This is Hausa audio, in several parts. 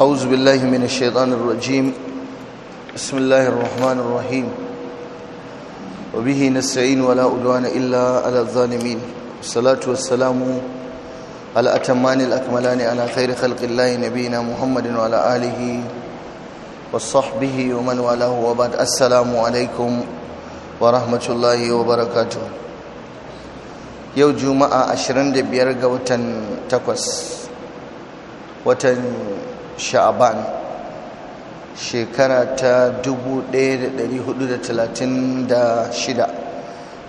أعوذ بالله من الشيطان الرجيم بسم الله الرحمن الرحيم وبه نستعين ولا أدوان إلا على الظالمين والصلاة والسلام على أتمان الأكملان على خير خلق الله نبينا محمد وعلى آله وصحبه ومن والاه وبعد السلام عليكم ورحمة الله وبركاته yau juma'a 25 ga watan 8 watan sha'aban shekara ta 1436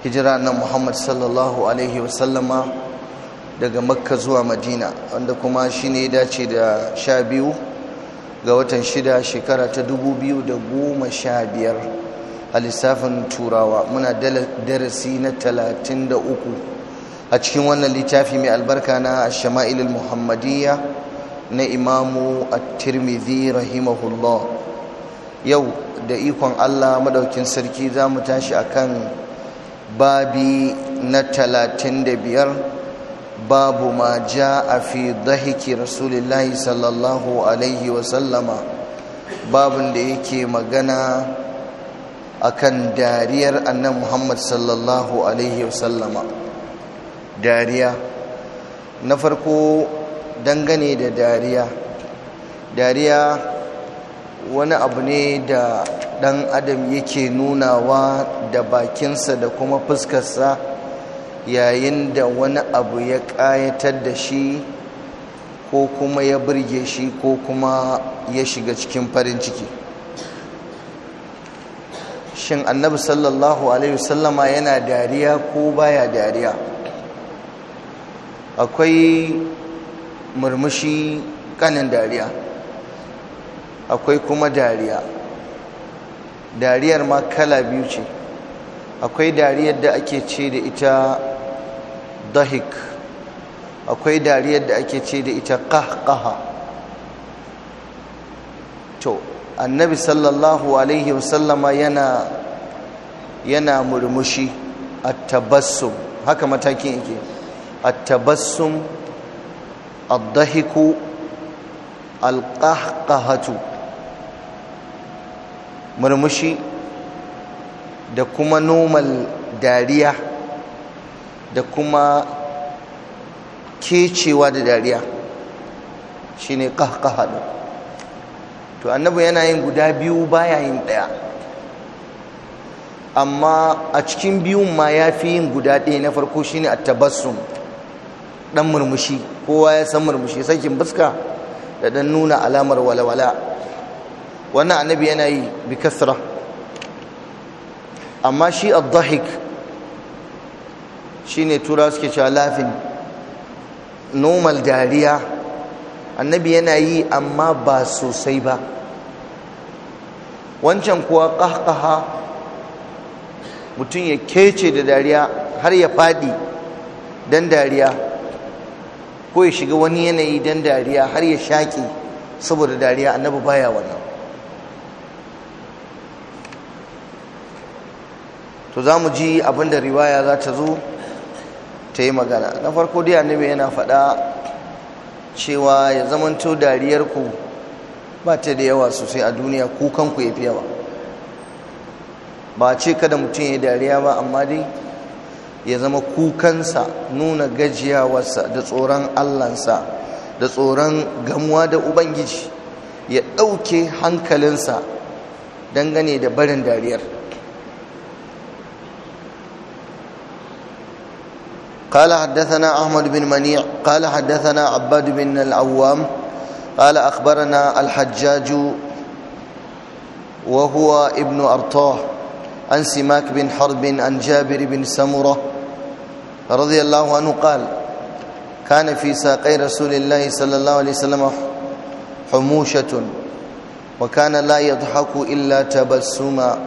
hijira na muhammad sallallahu alaihi wasallama daga makka zuwa madina wanda kuma shi ne dace da sha biyu ga watan shida shekara ta 2015 a lissafin turawa muna darasi na 33 a cikin wannan littafi mai albarka na shama'ilul muhammadiyya na imamu at-tirmidhi rahimahullah yau da ikon Allah madaukin sarki za mu tashi akan babi na talatin da biyar babu ma ja a fi dahiki rasulillahi sallallahu alaihi wasallama babin da yake magana akan dariyar annan muhammad sallallahu alaihi wasallama dariya na farko dangane da dariya dariya wani abu ne da ɗan adam yake nunawa da bakinsa da kuma fuskarsa yayin da wani abu ya ƙayatar da shi ko kuma ya burge shi ko kuma ya shiga cikin farin ciki shin annabi sallallahu alaihi wasallama yana dariya ko baya dariya akwai murmushi kanin dariya akwai kuma dariya dariyar ma kala biyu ce akwai dariyar da ake ce da ita dahik akwai dariyar da ake ce da ita kahkaha to annabi sallallahu alaihi wasallama yana yana murmushi a tabassum haka matakin yake a tabassum الضحك القهقهة murmushi da kuma nomal dariya da kuma kecewa da dariya shi ne ƙahƙaha ɗin to annabi yana yin guda biyu baya yin ɗaya amma a cikin biyun ma ya fi yin guda ɗaya na farko shi shine a tabassum ɗan murmushi kowa ya san murmushi sakin fuska da dan nuna alamar walwala wannan annabi yana yi bi kasra amma shi ad-dahik shine tura suke cewa lafin normal dariya annabi yana yi amma ba sosai ba wancan kuwa kahkaha mutum ya kece da dariya har ya fadi dan dariya ko ya shiga wani yanayi don dariya har ya shaƙi saboda dariya annabi baya wannan to za mu ji abinda riwaya za ta zo ta yi magana na farko dai annabi yana faɗa cewa ya zamanto dariyarku ba ta da yawa sosai a duniya kukanku ya fi yawa ba ce kada mutum ya dariya ba amma dai ya zama kukansa nuna gajiyawarsa da tsoron allansa da tsoron gamuwa da ubangiji ya ɗauke hankalinsa dangane da barin dariyar قال حدثنا أحمد بن منيع قال حدثنا عباد بن العوام قال أخبرنا الحجاج وهو ابن أرطاه عن سماك بن حرب عن جابر بن سمرة رضي الله عنه قال كان في ساقي رسول الله صلى الله عليه وسلم حموشة وكان لا يضحك إلا تبسما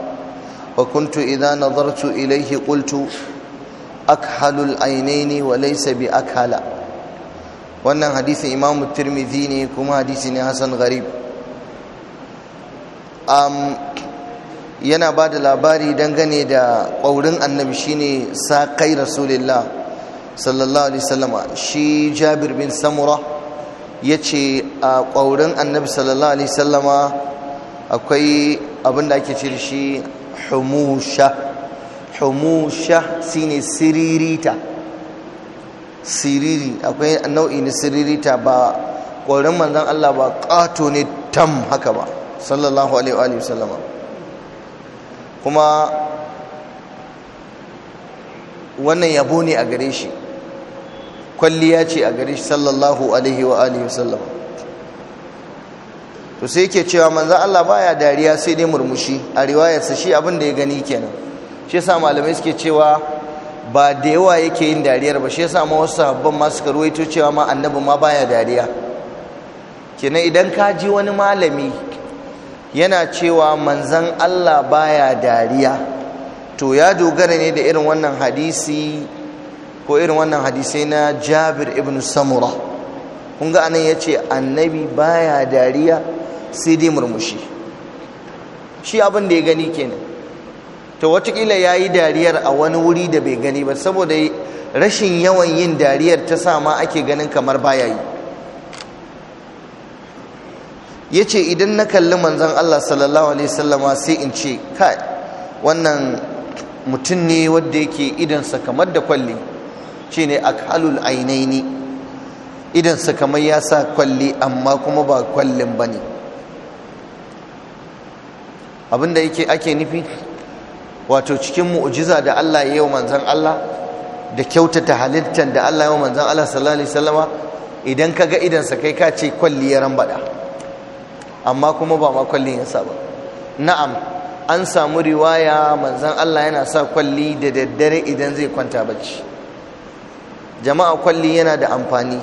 وكنت إذا نظرت إليه قلت أكحل العينين وليس بأكحل wannan hadisin imam tirmidhi ne kuma hadisi ne hasan gharib um, yana ba da labari dangane da ƙaurin annabi shine kai rasulullah sallallahu alaihi wasallama shi jabir bin samura ya ce a ƙaurin annabi sallallahu alaihi wasallama akwai abin da ake ce shi humusha humusha shine siririta siriri akwai nau'i na siririta ba ƙaurin manzon Allah ba ƙato ne tam haka ba sallallahu alaihi wasallama kuma wannan yabo ne a gare shi kwalliya ce a gare shi sallallahu alaihi wa alihi wasallam to sai yake cewa manzo Allah baya dariya sai dai murmushi a riwayarsa shi abin da ya gani kenan shi yasa malamai suke cewa ba da yawa yake yin dariyar ba shi yasa ma wasu sahabban ma suka ruwaito cewa ma annabi ma baya dariya kenan idan ka ji wani malami yana cewa manzan Allah baya dariya to ya dogara ne da irin wannan hadisi ko irin wannan hadisai na Jabir ibn Samura kun ga anan ce annabi baya dariya sai dai murmushi shi abin da ya gani kenan to watakila ya yi dariyar a wani wuri da bai gani ba saboda rashin yawan yin dariyar ta sa ma ake ganin kamar baya yi ya ce idan na kalli manzan Allah sallallahu alaihi sallama sai in ce kai wannan mutum ne wadda yake idansa kamar da kwalli shi ne kalul ainaini idansa kamar ya sa kwalli amma kuma ba kwallin ba ne abinda yake ake nufi wato cikin mu'ujiza da Allah ya yi wa Allah da kyautata halittar da Allah ya yi wa Allah sallallahu alaihi sallama idan ka ga idansa kai ka ce kwalli ya rambada amma kuma ba ma kwallin ya sa ba na'am an samu riwaya manzon Allah yana sa kwalli da daddare idan zai kwanta bacci jama'a kwalli yana da amfani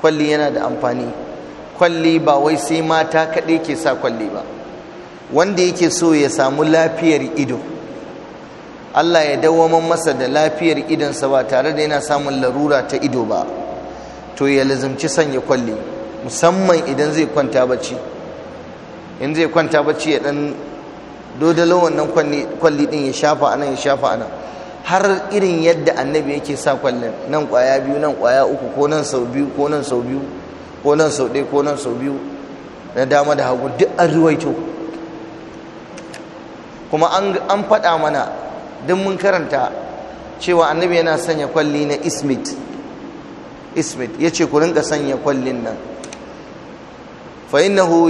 kwalli yana da amfani kwalli ba wai sai mata kaɗai ke sa kwalli ba wanda yake so ya samu lafiyar ido Allah ya dawwaman masa da lafiyar idonsa ba tare da yana samun larura ta ido ba to ya lazimci sanya kwalli musamman idan zai kwanta bacci in zai kwanta bacci ya dan dodalo wannan kwalli din ya shafa anan ya shafa anan har irin yadda annabi yake sa kwallon nan kwaya biyu nan kwaya uku ko nan sau biyu ko nan sau biyu ko nan sau ɗaya ko nan sau biyu na dama da hagu duk an ruwaito kuma an faɗa mana duk mun karanta cewa annabi yana sanya kwalli na ismit ismit ya ce ku rinka sanya kwallin nan fa innahu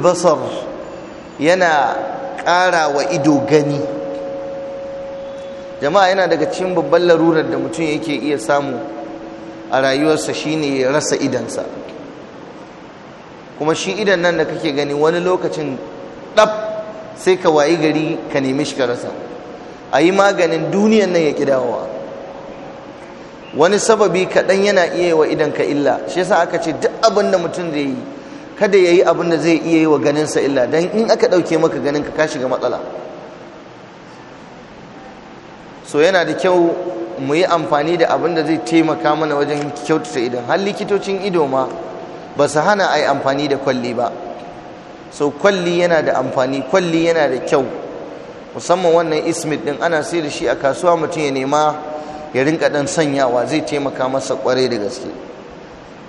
basar yana ƙara wa ido gani jama'a yana daga cikin babban larurar da mutum yake iya samu a rayuwarsa shine ya rasa idansa kuma shi idan nan da kake gani wani lokacin ɗab sai ka wayi gari ka nemi shi ka rasa a yi maganin duniyan nan ya kidawa wani sababi kaɗan yana iya wa idan ka illa shi yasa aka ce duk abin da mutum zai yi kada ya yi abin da zai iya yi wa ganin sa illa don in aka ɗauke maka ganinka ka shiga matsala so yana da kyau mu yi amfani da abin da zai taimaka mana wajen kyautata idan har likitocin ido ma ba su hana a yi amfani da kwalli ba so kwalli yana da amfani kwalli yana da kyau musamman wannan ismit din ana sai da shi a kasuwa mutum ya nema ya rinka ɗan sanyawa zai taimaka masa kwarai da gaske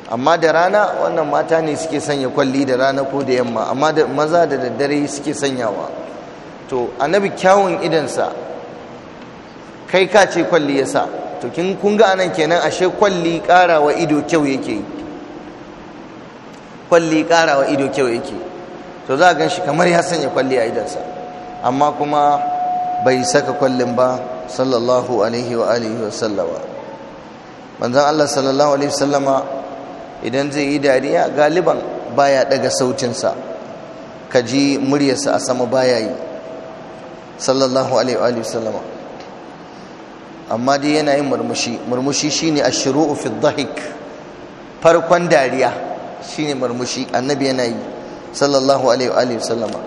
amma da rana wannan mata ne suke sanya kwalli da rana ko da yamma amma da maza da daddare suke sanyawa to annabi kyawun idansa kai ka ce kwalli ya sa to kin kun ga anan kenan ashe kwalli karawa ido kyau yake kwalli karawa ido kyau yake to za a gan shi kamar ya sanya kwalli a idansa amma kuma bai saka kwallin ba sallallahu alaihi wa alihi wa sallama manzon Allah sallallahu alaihi wa sallama idan zai yi dariya galiban baya daga sautinsa ka ji muryarsa a sama baya yi sallallahu alaihi wasallama amma dai yana yin murmushi murmushi shine ashru'u fi dhahik farkon dariya shine murmushi annabi yana yi sallallahu alaihi wasallama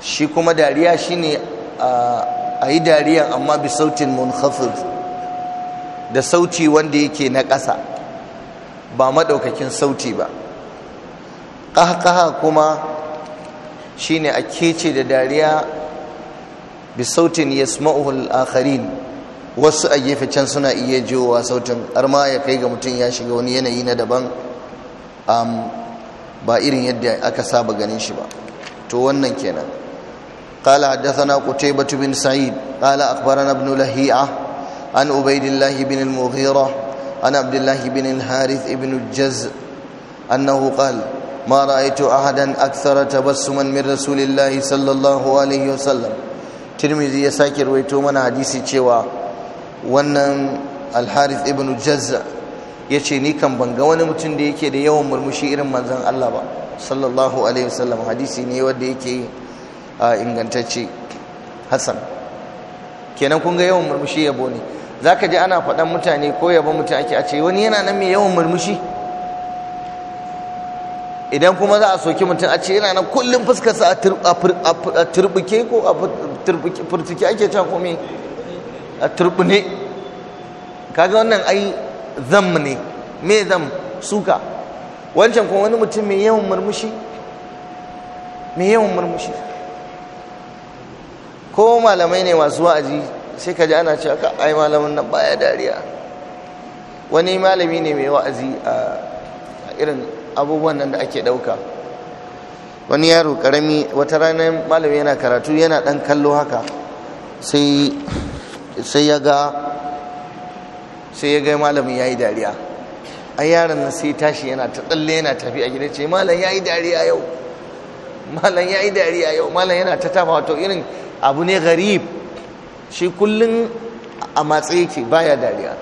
shi kuma dariya shine a yi dariyan amma bi sautin munkhafid da sauci wanda yake na ƙasa ba maɗaukakin sauti ba ƙahƙaha kuma shine a kece da dariya bi sautin ya al-akharin wasu a gefe can suna iya jiwowa sautin har ma ya kai ga mutum ya shiga wani yanayi na daban ba irin yadda aka saba ganin shi ba to wannan kenan قال حدثنا قتيبة بن سعيد قال أخبرنا ابن لهيعة عن عبيد الله بن المغيرة عن عبد الله بن الحارث بن الجز أنه قال ما رأيت أحدا أكثر تبسما من رسول الله صلى الله عليه وسلم ترمذي ya sake ruwaito mana hadisi cewa wannan al Ibn ibn ya yace ni kan banga wani mutum da yake da yawan murmushi irin manzon Allah ba sallallahu alaihi wasallam hadisi ne wanda yake ingantacce hasan kenan kun ga yawan murmushi yabo ne za ka ji ana faɗan mutane ko yabon mutum ake a ce wani yana nan mai yawan murmushi idan kuma za a soki mutum a ce yana nan kullum fuskarsa a turbuke ko a furtuki ake can komai a turbune kaga wannan ai zam ne me zam suka wancan kuma wani mutum mai yawan murmushi mai yawan murmushi ko malamai ne masu wa'azi sai ka ji ana cewa ka ai malamin nan baya dariya wani malami ne mai wa'azi a irin abubuwan nan da ake ɗauka wani yaro karami wata rana malami yana karatu yana ɗan kallo haka sai ya ga sai ya ga malamin ya yi dariya a yaron nan sai tashi yana ta tsalle yana tafi a gida ce malam ya yi dariya yau malam ya yi dariya yau malam yana ta tafa wato irin abu ne garib shi kullum a matse yake baya dariya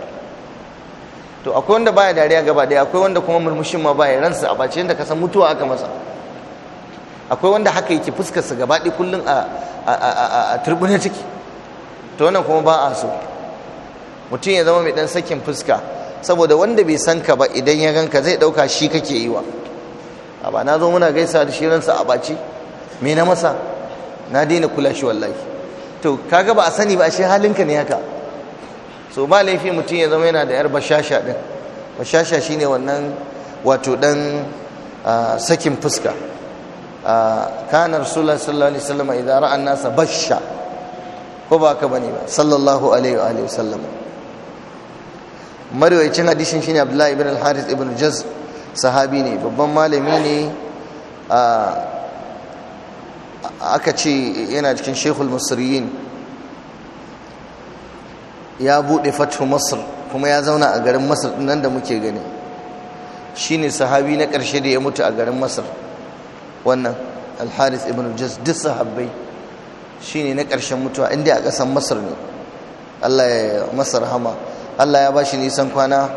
to akwai wanda baya dariya gaba daya akwai wanda kuma murmushin ma baya ransa a bace yadda kasan mutuwa aka masa akwai wanda haka yake fuskarsa gaba daya kullum a turbuna ciki to wannan kuma ba a so mutum ya zama mai ɗan sakin fuska saboda wanda bai san ka ba idan ya ganka zai ɗauka shi kake yi wa a ba na zo muna gaisa da shirinsa a baci me na masa na daina kula shi wallahi to kaga ba a sani ba ashe halinka ne haka so ba laifi mutum ya zama yana da yar bashasha din bashasha shine wannan wato dan sakin fuska kana rasulullah sallallahu alaihi wasallam idan ra'a nasa basha ko ba ka bane ba sallallahu alaihi wa alihi wasallam marwayacin hadisin shine abdullahi ibn al-harith ibn jaz sahabi ne babban malami ne a aka ce yana cikin shekul masiriyin ya buɗe fatih masar kuma ya zauna a garin masar nan da muke gani shine sahabi na ƙarshe da ya mutu a garin masar wannan alharis ibn jas duk sahabbai shine na ƙarshen mutuwa inda a kasan masar ne allah ya masar hama allah ya ba shi nisan kwana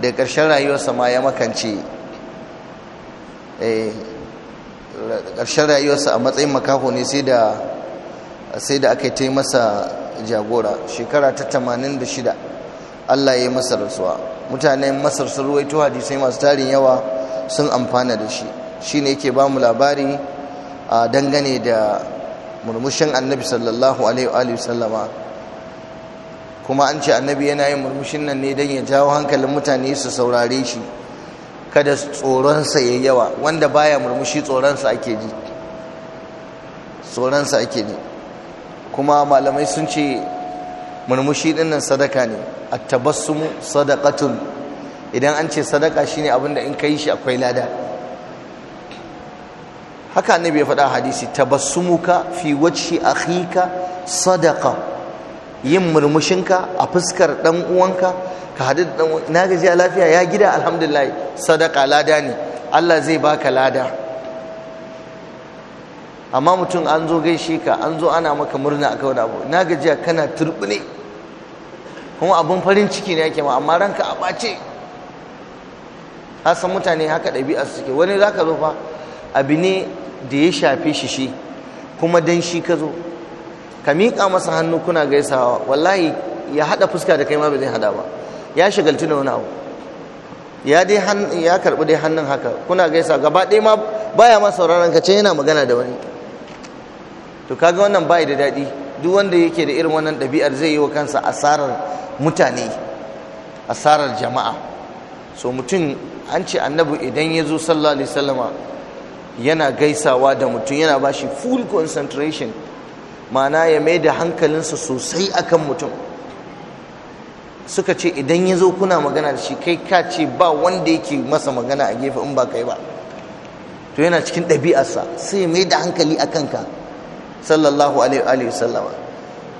da ƙarshen rayuwarsa ma ya makance eh, ƙarshen rayuwarsa a matsayin makaho ne sai da sai da aka yi masa jagora shekara ta 86 Allah ya yi masa rasuwa mutanen masar sun ruwaito hadisai masu tarin yawa sun amfana da shi Shi ne yake ba mu labari a dangane da murmushin annabi sallallahu alaihi wa sallama kuma an ce annabi yana yin murmushin nan ne don ya jawo hankalin mutane su saurare shi kada tsoronsa ya yawa wanda baya murmushi tsoronsa ake ji tsoronsa ake ji kuma malamai sun ce murmushi dinnan sadaka ne a tabassumu sadakatun idan an ce sadaka shine abinda in kai shi akwai lada haka annabi ya faɗa hadisi tabassumuka fi wacce akhika sadaka? yin murmushinka a fuskar dan uwanka ka hadu da dan na gaji a lafiya ya gida alhamdulillah sadaka lada ne Allah zai baka lada amma mutum an zo gaishe ka an zo ana maka murna akan wani abu na gaji kana turbine kuma abun farin ciki ne yake ma amma ranka a bace san mutane haka ɗabi'a suke wani zaka zo fa abu ne da ya shafe shi shi kuma dan shi ka zo ka miƙa masa hannu kuna gaisawa wallahi ya haɗa fuska da kai ma ba zai haɗa ba ya shagaltu da wani abu ya dai ya karɓi dai hannun haka kuna gaisa gaba ɗaya ma baya ma sauraron ka ce yana magana da wani to kaga wannan bai da daɗi duk wanda yake da irin wannan ɗabi'ar zai yi wa kansa asarar mutane asarar jama'a so mutum an ce annabi idan ya zo sallallahu alaihi yana gaisawa da mutum yana bashi full concentration mana ya mai da hankalinsa sosai akan mutum suka ce idan ya zo kuna magana da shi kai ka ce ba wanda yake masa magana a gefe in ba kai ba to yana cikin ɗabi'arsa sai mai da hankali a kanka sallallahu alaihi sallama.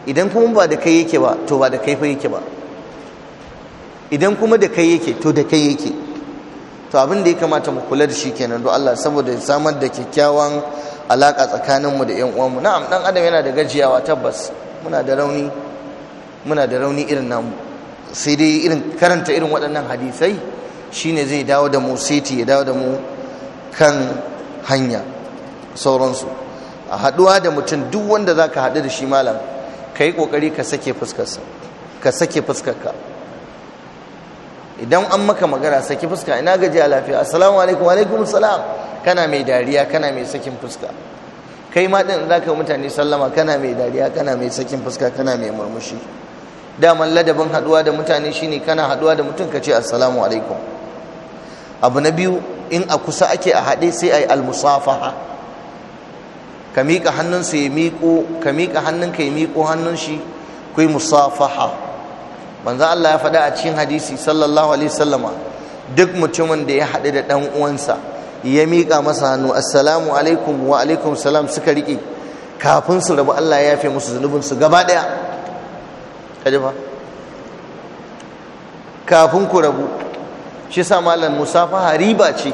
idan kuma ba da kai yake ba to ba da kai fa yake ba idan kuma da kai yake to da kai yake to abin da ya kamata mu kula da shi kenan don Allah saboda samar da kyakkyawan alaka tsakaninmu da yan uwanmu na'am dan adam yana da gajiyawa tabbas muna da rauni muna da rauni irin namu sai dai irin karanta irin waɗannan hadisai shine zai dawo da mu seti ya dawo da mu kan hanya sauransu a haɗuwa da mutum duk wanda za ka haɗu da shi malam ka yi ƙoƙari ka sake fuskarsa ka sake fuskarka idan an maka magana sake fuska ina gaji a lafiya assalamu alaikum alaikum salam kana mai dariya kana mai sakin fuska kai ma din za ka mutane sallama kana mai dariya kana mai sakin fuska kana mai murmushi daman ladabin haduwa da mutane shine kana haduwa da mutum ka ce assalamu alaikum abu na biyu in a kusa ake a haɗe sai a yi almusafaha ka miƙa su ya miƙo ka miƙa hannunka ya miƙo hannun shi ku yi musafaha manzo Allah ya faɗa a cikin hadisi sallallahu alaihi wasallama duk mutumin da ya haɗu da ɗan uwansa ya miƙa masa hannu assalamu alaikum wa alaikum salam suka riƙe kafin su rabu Allah ya yafe musu zunubin su gaba ɗaya fa. kafin ku rabu shi sa malam musafaha riba ce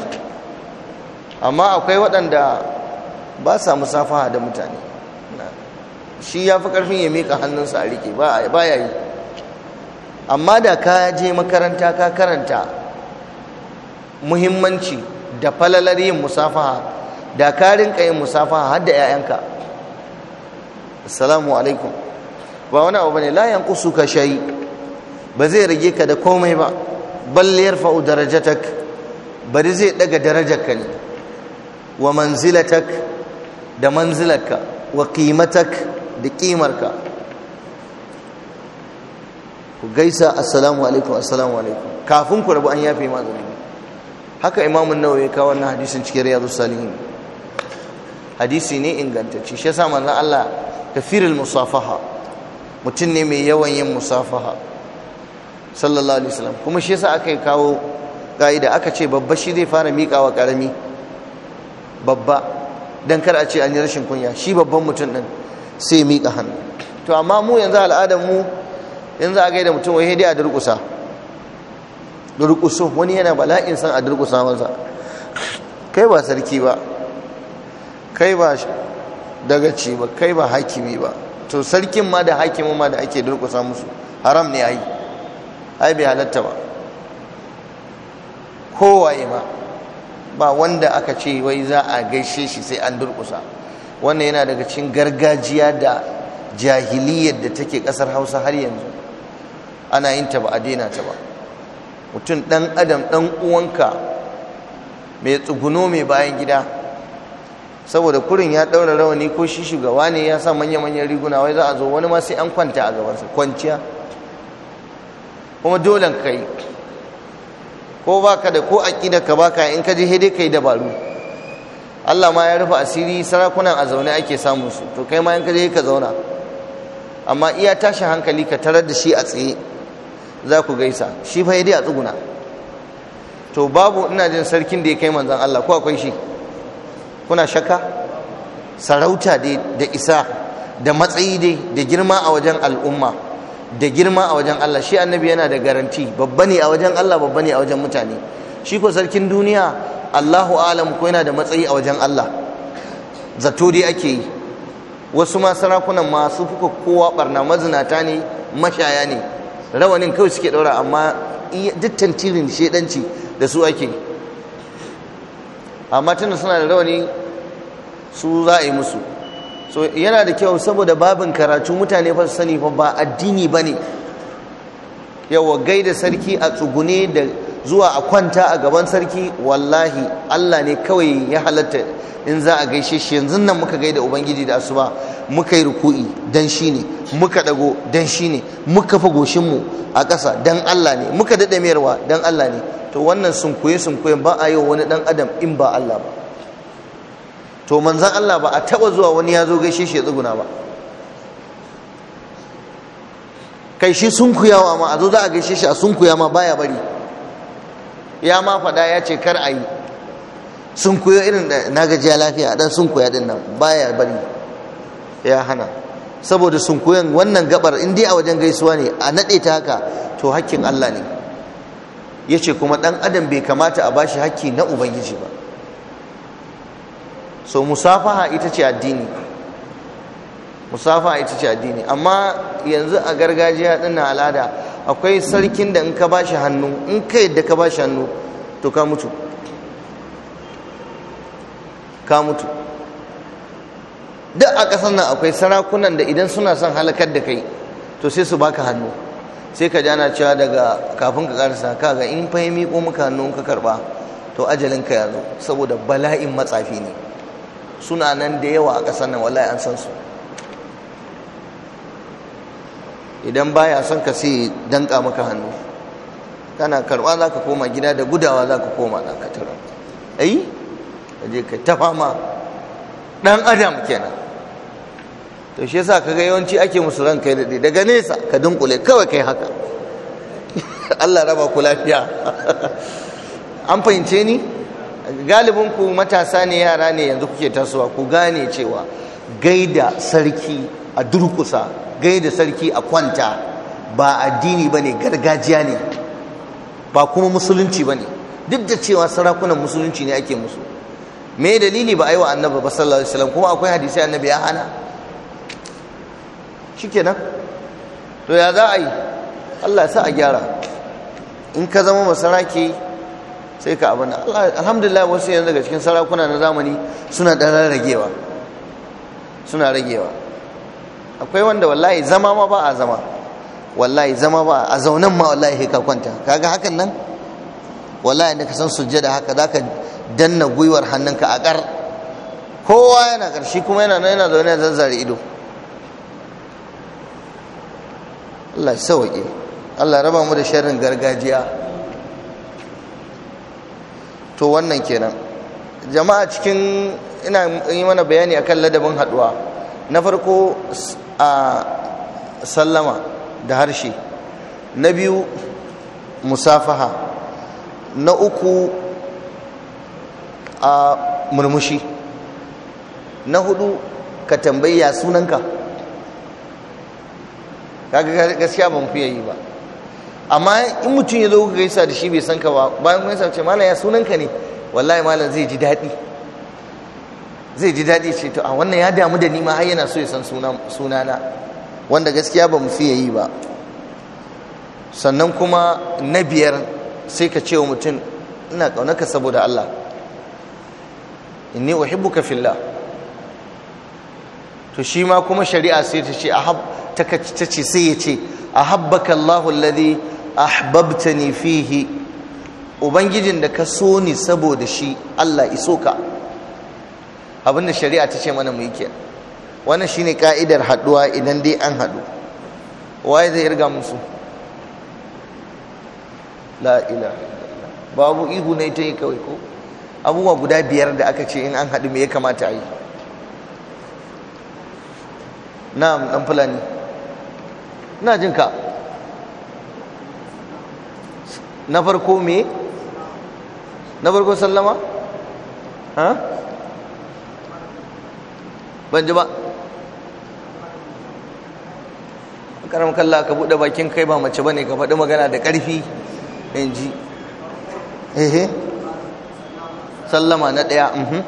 amma akwai waɗanda ba sa musafaha da mutane shi ya fi ƙarfin ya miƙa hannunsa a riƙe ba ya yi amma da ka je makaranta ka karanta muhimmanci da falalar yin musafaha da karin rinka yin musafaha har da 'ya'yanka assalamu alaikum ba wani abu bane la yanqusu ka shay ba zai rage ka da komai ba balle yarfa'u darajatak bari zai daga darajarka ne wa manzilatak da manzilarka wa qimatak da ka. ku gaisa assalamu alaikum assalamu alaikum kafin ku rabu an yafe ma zunubi haka imamun nawa ya kawo wannan hadisin cikin riyadu salihin hadisi ne ingantacce shi yasa manzon Allah kafirul musafaha mutum ne mai yawan yin musafaha sallallahu alaihi wasallam kuma shi yasa aka kawo ka'ida aka ce babba shi zai fara miƙawa ƙarami babba dan kar a ce an yi rashin kunya shi babban mutum din sai miƙa hannu to amma mu yanzu al'adar mu yanzu a gaida mutum wai dai a durƙusa durkusu wani yana bala'in san a durƙusa masa kai ba sarki ba kai ba dagaci ba kai ba hakimi ba to sarkin ma da hakimin ma da ake durƙusa musu haram ne ai ai bai halatta ba kowaye ma ba wanda aka ce wai za a gaishe shi sai an durƙusa wannan yana daga cikin gargajiya da jahiliyar da take ƙasar hausa har yanzu ana yin ta ba a daina ta ba mutum ɗan adam ɗan uwanka mai tsuguno mai bayan gida saboda kurin ya ɗaura rawani ko shi shugaba ne ya sa manya-manyan riguna wai za a zo wani ma sai an kwanta a gabansa kwanciya kuma dole ka yi ko baka da ko aƙida ka ka in ka ji hede ka yi dabaru Allah ma ya rufe asiri sarakunan a zaune ake samun su to kai ma in ka je ka zauna amma iya tashi hankali ka tarar da shi a tsaye za ku gaisa shi fa ya a tsuguna to babu ina jin sarkin da ya kai manzan Allah ko akwai shi kuna shakka sarauta da isa da matsayi dai da girma a wajen al'umma da girma a wajen Allah shi annabi yana da garanti babba ne a wajen Allah babba ne a wajen mutane shi ko sarkin duniya Allahu alam ko yana da matsayi a wajen Allah zato dai ake yi wasu ma sarakunan masu fuka kowa barna mazinata ne mashaya ne rawanin kawai suke ɗaura amma duk tirin shedanci da su ake amma tunan suna da rawani su za a yi musu so yana da kyau saboda babin karatu mutane fa su sani fa ba addini bane yawa gaida sarki a tsugune da zuwa a kwanta a gaban sarki wallahi Allah ne kawai ya halatta in za a gaishe shi yanzu nan muka gaida ubangiji da asuba muka yi ruku'i dan shi ne muka dago dan shi ne muka fa goshin mu a ƙasa dan Allah ne muka dade mayarwa dan Allah ne to wannan sun sunkuyen ba a yi wa wani dan adam in ba Allah ba to manzan Allah ba a taba zuwa wani ya zo gaishe shi ya tsuguna ba kai shi sunkuyawa ma a zo za a gaishe shi a kuyawa ma baya bari ya ma faɗa ya ce kar a yi sun kuyo irin da na gajiya lafiya dan sun kuya din nan baya bari ya hana saboda sun kuyan wannan gabar in dai a wajen gaisuwa ne a nade ta haka to hakkin Allah ne ya kuma dan adam bai kamata a bashi hakki na ubangiji ba so musafaha ita ce addini musafaha ita ce addini amma yanzu a gargajiya ɗin na al'ada akwai sarkin da in ka ba shi hannu in ka yadda ka ba shi hannu to ka mutu ka mutu duk a ƙasar nan akwai sarakunan da idan suna son halakar da kai to sai su baka hannu sai ka jana cewa daga kafin ka karasa ka ga in fahimi ko muka hannu ka karba to ajalin ka yanzu saboda bala'in matsafi ne suna nan da yawa a ƙasar nan wallahi an san su idan baya son ka sai danka maka hannu kana karwa za ka koma gida da gudawa za ka koma na ka tura ai ka ta fama dan adam kenan to shi yasa kaga yawanci ake musu ran kai da daga nesa ka dunkule kawai kai haka Allah raba ku lafiya an fahimce ni galibin ku matasa ne yara ne yanzu kuke tasowa ku gane cewa gaida sarki a durkusa da sarki a kwanta ba addini ba ne gargajiya ne ba kuma musulunci ba ne duk da cewa sarakunan musulunci ne ake musu me dalili ba a yi wa annabi ba sallallahu alaihi wasallam kuma akwai hadisi annabi ya hana shikenan to ya za a yi Allah sa a gyara in ka zama masaraki sai ka abin alhamdulillah wasu yanzu daga cikin sarakuna na zamani suna ɗan ragewa suna ragewa akwai wanda wallahi zama ma ba a zama wallahi zama ba a zaunan ma wallahi ka kwanta kaga hakan nan wallahi da ka san sujjada haka zaka danna gwiwar hannunka a kar kowa yana karshi kuma yana nan yana zaune zanzare ido Allah sauke Allah raba mu da sharrin gargajiya to wannan kenan jama'a cikin ina yi mana bayani akan ladabin haduwa na farko a sallama da harshe na biyu musafaha na uku a murmushi na hudu ka tambayi ya sunanka gaskiya ban fiye yi ba amma in mutum ya zo gaisa da shi bai san ka ba bayan kun ce malam ya sunanka ne wallahi malam zai ji daɗi zai ji daɗi ce to a wannan ya damu da nima har yana so ya san sunana wanda gaskiya ba mu fiye yi ba sannan kuma na biyar sai ka ce wa mutum ina ƙaunaka saboda Allah inni ka fillah to shi ma kuma shari'a sai ta ce ahab ta ce sai ya ce ahabbaka Allahu alladhi ahbabtani fihi ubangijin da ka so ni saboda shi Allah iso ka abinda shari'a ta ce mana mu yi ke wannan shine ka'idar haduwa idan dai an hadu waye zai irga musu la ilaha babu ihu ne ta yi kawai ko abubuwa guda biyar da aka ce in an hadu me ya kamata a yi na'am dan fulani ina jin ka na farko me na farko sallama ha ban ji ba karam kalla ka buɗe bakin kai ba mace bane ka faɗi magana da ƙarfi in ji ehe sallama na ɗaya mhm.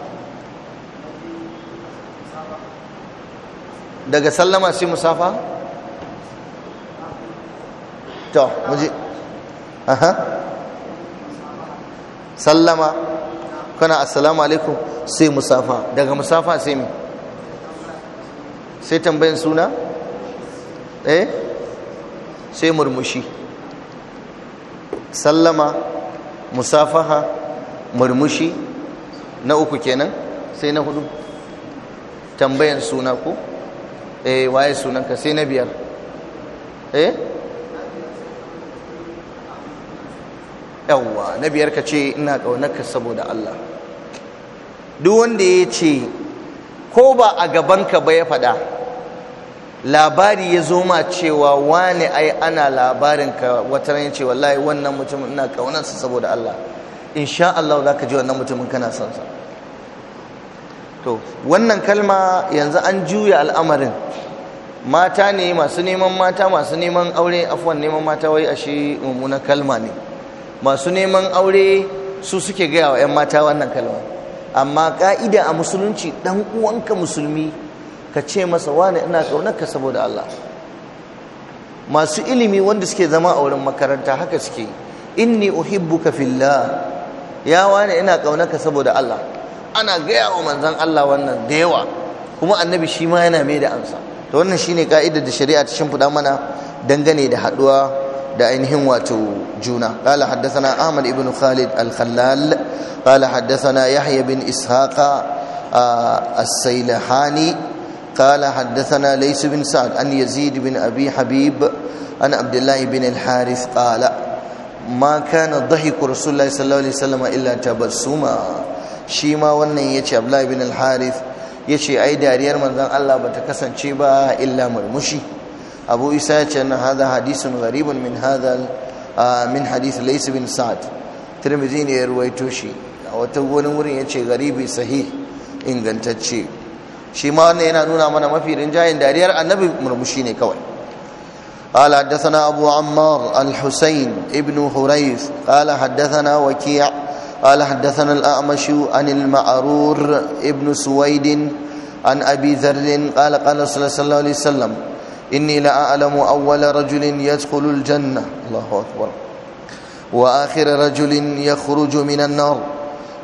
daga sallama sai musafa to muje aha sallama kana assalamu alaikum sai musafa daga musafa sai mai sai tambayin suna ɗaya eh? sai murmushi sallama musafaha murmushi na uku kenan sai na hudu tambayin suna ko ɗaya eh, waye sunanka sai na biyar ɗaya eh? yawwa na biyar ka ce ina ƙaunarka saboda Allah duk wanda ya ce ko ba a gabanka ba ya faɗa labari ya zo ma cewa wani ai ana labarin ka wata ran ce wallahi wannan mutumin ina sa saboda Allah insha Allah za ka ji wannan mutumin kana son sa to wannan kalma yanzu an juya al'amarin mata ne masu neman mata masu neman aure afwan neman mata wai ashe mummunan kalma ne masu neman aure su suke gaya wa 'yan mata wannan kalma amma ka'ida a musulunci dan uwanka musulmi ka ce masa wane ina ƙaunarka saboda Allah masu ilimi wanda suke zama a wurin makaranta haka suke inni uhibbuka fillah ya wane ina ƙaunarka saboda Allah ana gaya wa manzon Allah wannan da yawa kuma annabi shi ma yana mai da amsa to wannan shine ka'idar da shari'a ta shimfiɗa mana dangane da haɗuwa da ainihin wato juna qala haddathana ahmad ibn khalid al-khallal qala haddathana yahya bin ishaqa as قال حدثنا ليس بن سعد عن يزيد بن أبي حبيب عن عبد الله بن الحارث قال ما كان ضحك رسول الله صلى الله عليه وسلم إلا تبسما شيما wannan yace Abdullah ibn al-Harith yace ai dariyar manzon Allah bata kasance ba illa murmushi Abu Isa yace na hada hadisun gharibun min hada min hadith Lays bin Sa'd Tirmidhi ne ya ruwaito shi a wata wani wurin yace gharibi sahi ingantacce shi ma wannan yana nuna mana mafi rinjayen dariyar annabi murmushi ne kawai قال حدثنا أبو عمار الحسين ابن حريث قال حدثنا وكيع قال حدثنا الأعمش عن المعرور ابن سويد عن أبي ذر قال قال صلى الله عليه وسلم إني لأعلم أول رجل يدخل الجنة الله أكبر وآخر رجل يخرج من النار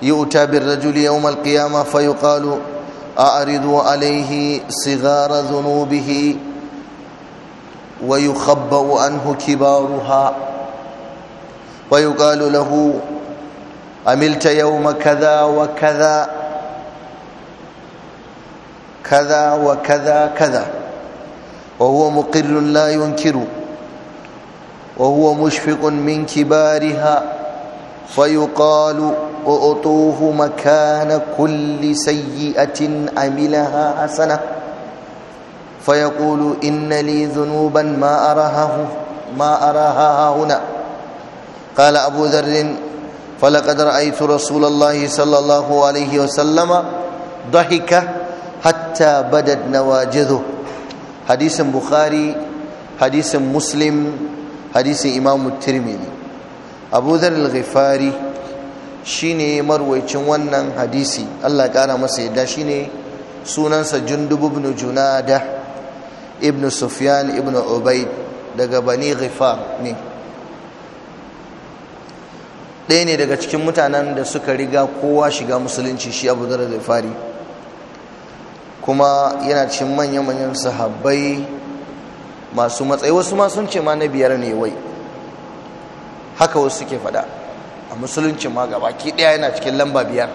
يؤتى بالرجل يوم القيامة فيقال أعرض عليه صغار ذنوبه ويخبأ عنه كبارها ويقال له عملت يوم كذا وكذا كذا وكذا كذا وهو مقر لا ينكر وهو مشفق من كبارها فيقال اعطوه مكان كل سيئه عملها حسنه فيقول ان لي ذنوبا ما اراها ما اراها هنا قال ابو ذر فلقد رايت رسول الله صلى الله عليه وسلم ضحك حتى بدت نواجذه حديث البخاري حديث مسلم حديث امام الترمذي abu zar al-ghifari shine marwaicin wannan hadisi Allah kara masa yadda shine sunansa jundub ibn junada ibn sufyan ibn Obaid daga bani ghifar ne ɗaya ne daga cikin mutanen da suka riga kowa shiga musulunci shi abu zar al-ghifari kuma yana cin manya-manyan sahabbai masu matsayi wasu ma sun ce ma na biyar ne wai haka wasu suke faɗa a musulunci ma gaba ki ɗaya yana cikin lamba biyar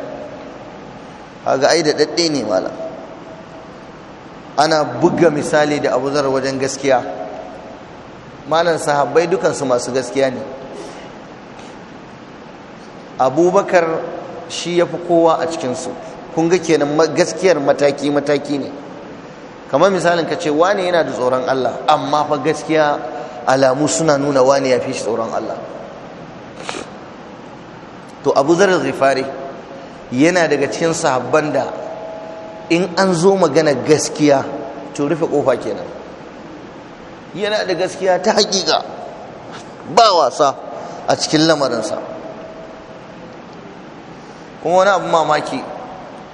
haga ai da ɗaɗɗe ne mala, ana buga misali da abu zarar wajen gaskiya malam sahabbai dukansu masu gaskiya ne abubakar shi ya fi kowa a cikinsu kun ga kenan gaskiyar mataki-mataki ne kamar misalin ka ce wane yana da tsoron Allah amma fa gaskiya alamu suna nuna wane ya fi shi tsoron Allah to abu zarar zifari yana daga cikin sahabban da in an zo magana gaskiya to rufe kofa kenan yana da gaskiya ta hakika ba wasa a cikin lamarinsa kuma wani abu mamaki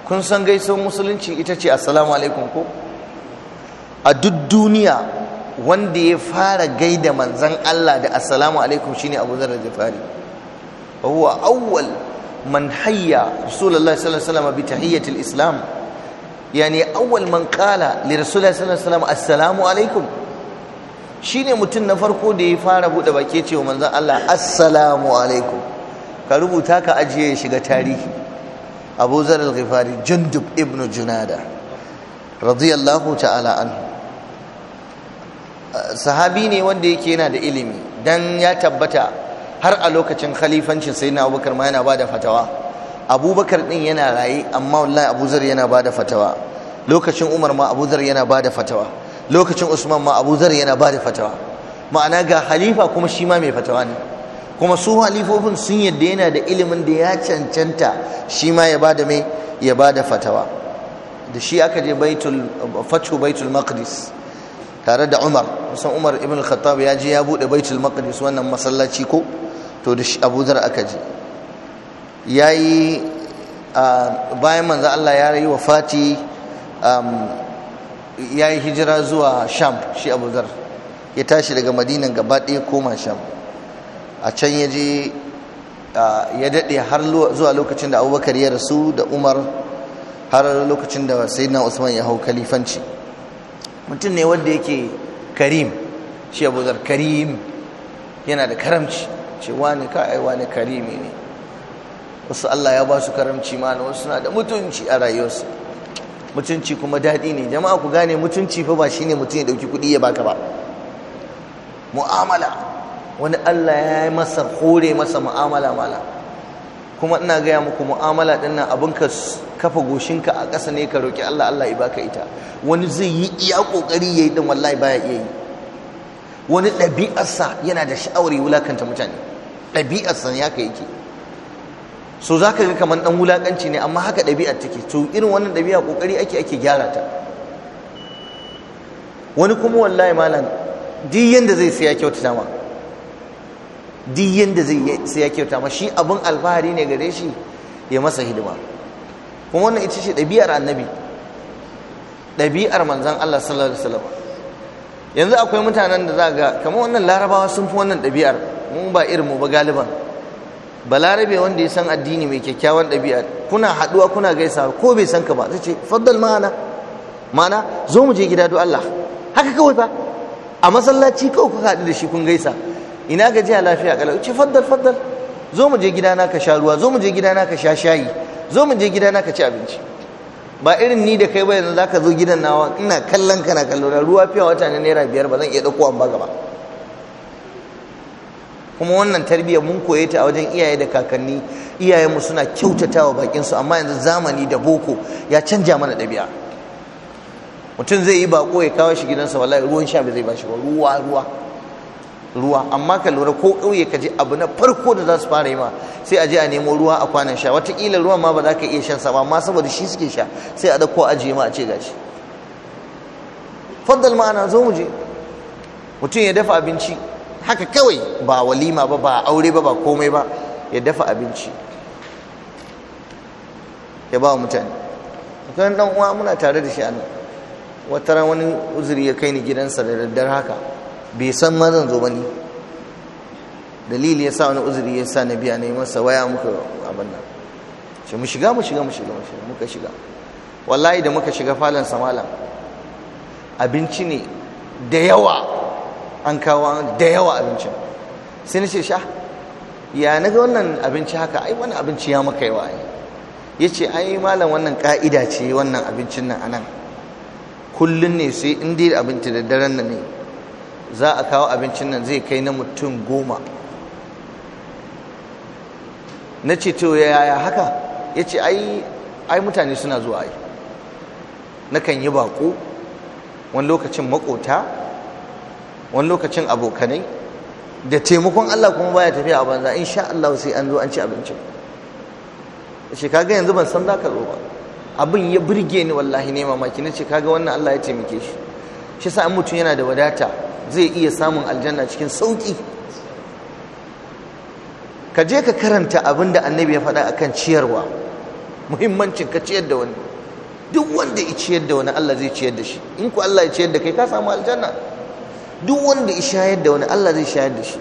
kun san gaisuwar musulunci ita ce assalamu alaikum ko a duk duniya wanda ya fara gaida manzan Allah da assalamu alaikum shine abu zarar zifari وهو أول من حيا رسول الله صلى الله عليه وسلم بتحية الإسلام يعني أول من قال لرسول الله صلى الله عليه وسلم السلام mutum na farko da ya fara buɗe baki ya ce wa manzon Allah assalamu alaikum ka rubuta ka ajiye shiga tarihi Abu Zar al-Ghifari Jundub ibn Junada radiyallahu ta'ala anhu sahabi ne wanda yake yana da ilimi dan ya tabbata har a lokacin khalifancin na abubakar ma yana bada fatawa abubakar din yana raye amma wallahi abuzar yana yana bada fatawa lokacin umar ma abuzar yana yana bada fatawa lokacin usman ma abuzar yana yana bada fatawa ma'ana ga halifa kuma shi ma mai fatawa ne kuma su halifofin sun yadda yana da ilimin da ya cancanta shi ma ya bada mai ya da fatawa da shi aka je baitul fatu baitul maqdis tare da Umar musan Umar ibn Khattab ya ji ya bude Baitul Maqdis wannan masallaci ko to da shi Abu zar aka ji yayi bayan manzo Allah ya rayu wafati yayi hijira zuwa Sham shi Abu zar ya tashi daga Madinan gaba ɗaya koma Sham a can ya je ya daɗe har zuwa lokacin da Abubakar ya rasu da Umar har lokacin da Sayyidina Usman ya hau kalifanci mutum ne wanda yake karim shi abu zar karim yana da karamci ce wani ka aiwa ne karimi ne wasu Allah ya ba su karamci ma na wasu na da mutunci a rayuwarsu mutunci kuma daɗi ne jama'a ku gane mutunci fa ba shine mutum ya dauki kuɗi ya baka ba mu'amala wani Allah ya yi masa hore masa mu'amala mala kuma ina gaya muku mu'amala din nan abin ka kafa goshinka a ƙasa ne ka roki Allah Allah ya baka ita wani zai yi iya kokari yayi din wallahi baya iya yi wani ɗabi'arsa yana da sha'awar wulakanta mutane ɗabi'arsa ya ka yake so za ga kamar dan wulakanci ne amma haka ɗabi'ar take to irin wannan ɗabi'a kokari ake ake gyara ta wani kuma wallahi malam duk yanda zai siya kyauta ta ma duk yanda zai sai ya kyauta ma shi abin alfahari ne gare shi ya masa hidima kuma wannan ita ce ɗabi'ar annabi ɗabi'ar manzan Allah sallallahu alaihi wasallam yanzu akwai mutanen da za ga kamar wannan larabawa sun fi wannan ɗabi'ar mu ba irin mu ba galiban balarabe wanda ya san addini mai kyakkyawan ɗabi'a kuna haɗuwa kuna gaisawa ko bai san ka ba zai ce faddal ma'ana ma'ana zo mu je gida do Allah haka kawai fa a masallaci kawai kuka haɗu da shi kun gaisa ina gajiya lafiya kala ce faddal faddal zo mu je gidana ka sha ruwa zo mu je gidana ka sha shayi zo mu je gidana ka ci abinci ba irin ni da kai ba yanzu zaka zo gidan nawa ina kallon kana kallo na ruwa fiya wata ne naira biyar ba zan iya dauko an ba gaba kuma wannan tarbiyya mun koye ta a wajen iyaye da kakanni mu suna kyautatawa bakin su amma yanzu zamani da boko ya canja mana dabi'a mutum zai yi bako ya kawo shi gidansa wallahi ruwan sha ba zai ba shi ba ruwa ruwa ruwa amma ka lura ko ƙauye ka je abu na farko da za su fara yi ma sai a je a nemo ruwa a kwanan sha wataƙila ruwan ma ba za ka iya shan sa ba amma saboda shi suke sha sai a ɗauko ajiye ma a ce gashi faddal ma'ana zo mu je mutum ya dafa abinci haka kawai ba walima ba ba aure ba ba komai ba ya dafa abinci ya ba wa mutane kan dan uwa muna tare da shi a nan wata ran wani uzuri ya kai ni gidansa da daddare haka bai san ma zan zo ba ni dalili ya sa wani uzuri ya sa na biya ne masa waya muka abin nan ce mu shiga mu shiga mu shiga mu shiga muka shiga wallahi da muka shiga falon samalan abinci ne da yawa an kawo da yawa abincin sai na ce sha ya na ga wannan abinci haka ai wani abinci ya maka yawa ai ya ce ai malam wannan ka'ida ce wannan abincin nan anan kullun ne sai in dai abinci da daren nan ne za a kawo abincin nan zai kai na mutum goma na ce to yaya haka ya ce ai mutane suna zuwa ai nakan yi baƙo wani lokacin makota wani lokacin abokanai da taimakon Allah kuma baya tafiya a banza sha Allah sai an zo an ci abincin ce kaga yanzu ban san zaka zo ba abin ya burge ni wallahi ne mamaki na ce kaga wannan Allah ya taimake shi shi sa an mutum yana da wadata zai iya samun aljanna cikin sauki ka je ka karanta abin da annabi ya faɗa akan ciyarwa muhimmancin ka ciyar da wani duk wanda ya ciyar da wani Allah zai ciyar da shi in ku Allah ya ciyar da kai ka samu aljanna duk wanda ya shayar da wani Allah zai shayar da shi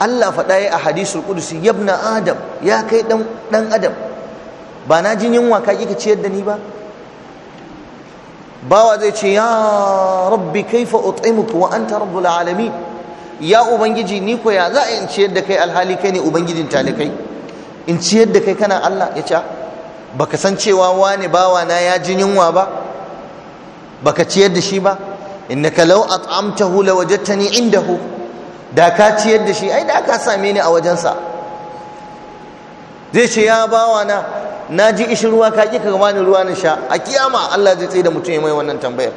Allah faɗa ya a hadisul qudusi yabna adam ya kai dan adam ba na jin yunwa ka ki ka ciyar da ni ba bawa zai ce ya rabbi kaifa ut'imuka wa anta rabbul alamin ya ubangiji ni ko ya za a in ciyar da kai alhali kai ne ubangijin talikai in ciyar da kai kana Allah ya ce baka san cewa wani bawa na ya ji yunwa ba baka ciyar da shi ba innaka law at'amtahu lawajadtani indahu da ka ciyar da shi ai da ka same ni a wajensa zai ce ya bawa na na ji ishin ruwa ka ƙi ka ni ruwa na sha a kiyama Allah zai tsaye da mutum ya mai wannan tambayar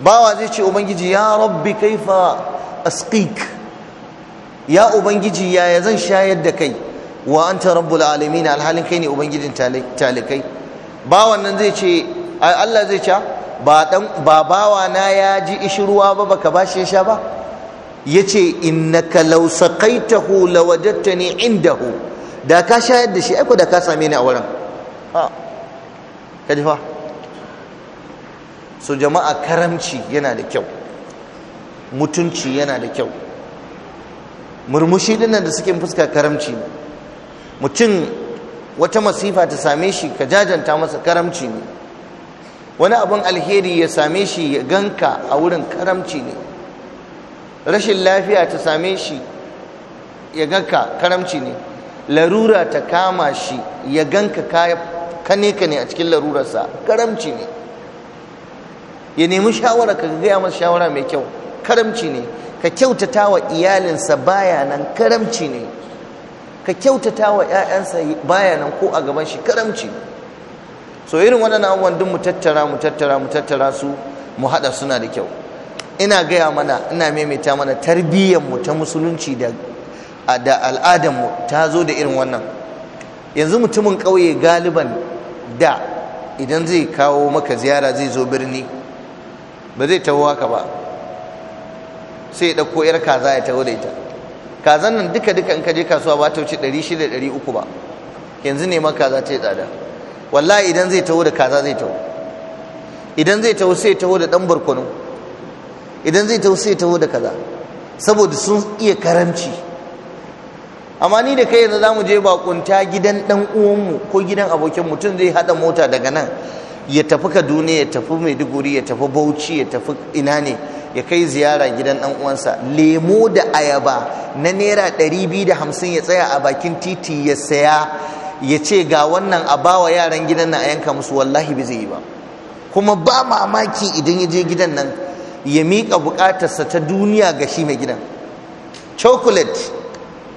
bawa zai ce ubangiji ya rabbi kaifa asqik ya ubangiji yaya zan shayar da kai wa anta rabbul alamin alhalin kai ne ubangijin talikai bawan nan zai ce Allah zai ce ba dan ba bawa na ya ji ishin ruwa ba baka bashi ya sha ba yace innaka law saqaitahu lawajadtani indahu da ka shayar da shi aiko da ka same ni a wurin a kaji fa so jama'a karamci yana da kyau mutunci yana da kyau murmushi dinnan da suke fuska karamci ne mutum wata masifa ta same shi ka jajanta masa karamci ne wani abin alheri ya same shi ya ganka a wurin karamci ne rashin lafiya ta same shi ya ganka karamci ne larura ta kama shi ya ganka ka kane ne a cikin larurarsa karamci ne ya nemi shawara ka gaya masa shawara mai kyau karamci ne ka kyautata wa iyalinsa baya karamci ne ka kyautata wa 'ya'yansa bayanan ko a gaban shi karamci ne so irin waɗannan abubuwan duk mu tattara mu tattara mu tattara su mu haɗa suna da kyau ina gaya mana ina maimaita mana mu ta musulunci da da al'adarmu ta zo da irin wannan yanzu mutumin ƙauye galiban da idan zai kawo maka ziyara zai zo birni ba zai taho haka ba sai ya ɗauko 'yar kaza ya taho da ita kazan nan duka duka in ka je kasuwa ba ta wuce 600-300 ba yanzu ne ma kaza ce tsada wallahi idan zai taho da kaza zai taho idan zai taho sai ya taho da ɗan barkono idan zai taho sai ya taho da kaza saboda sun iya karamci amma ni da kai yanzu za mu je bakunta gidan dan uwanmu ko gidan abokin mutum zai hada mota daga nan ya tafi kaduna ya tafi maiduguri ya tafi bauchi ya tafi ina ne ya kai ziyara gidan dan uwansa lemo da ayaba na naira 250 ya tsaya a bakin titi ya saya ya ce ga wannan a bawa yaran gidan nan a yanka musu wallahi bai zai yi ba kuma ba mamaki idan ya je gidan nan ya miƙa buƙatarsa ta duniya ga shi mai gidan chocolate